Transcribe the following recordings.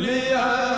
li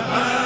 Muhammad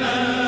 na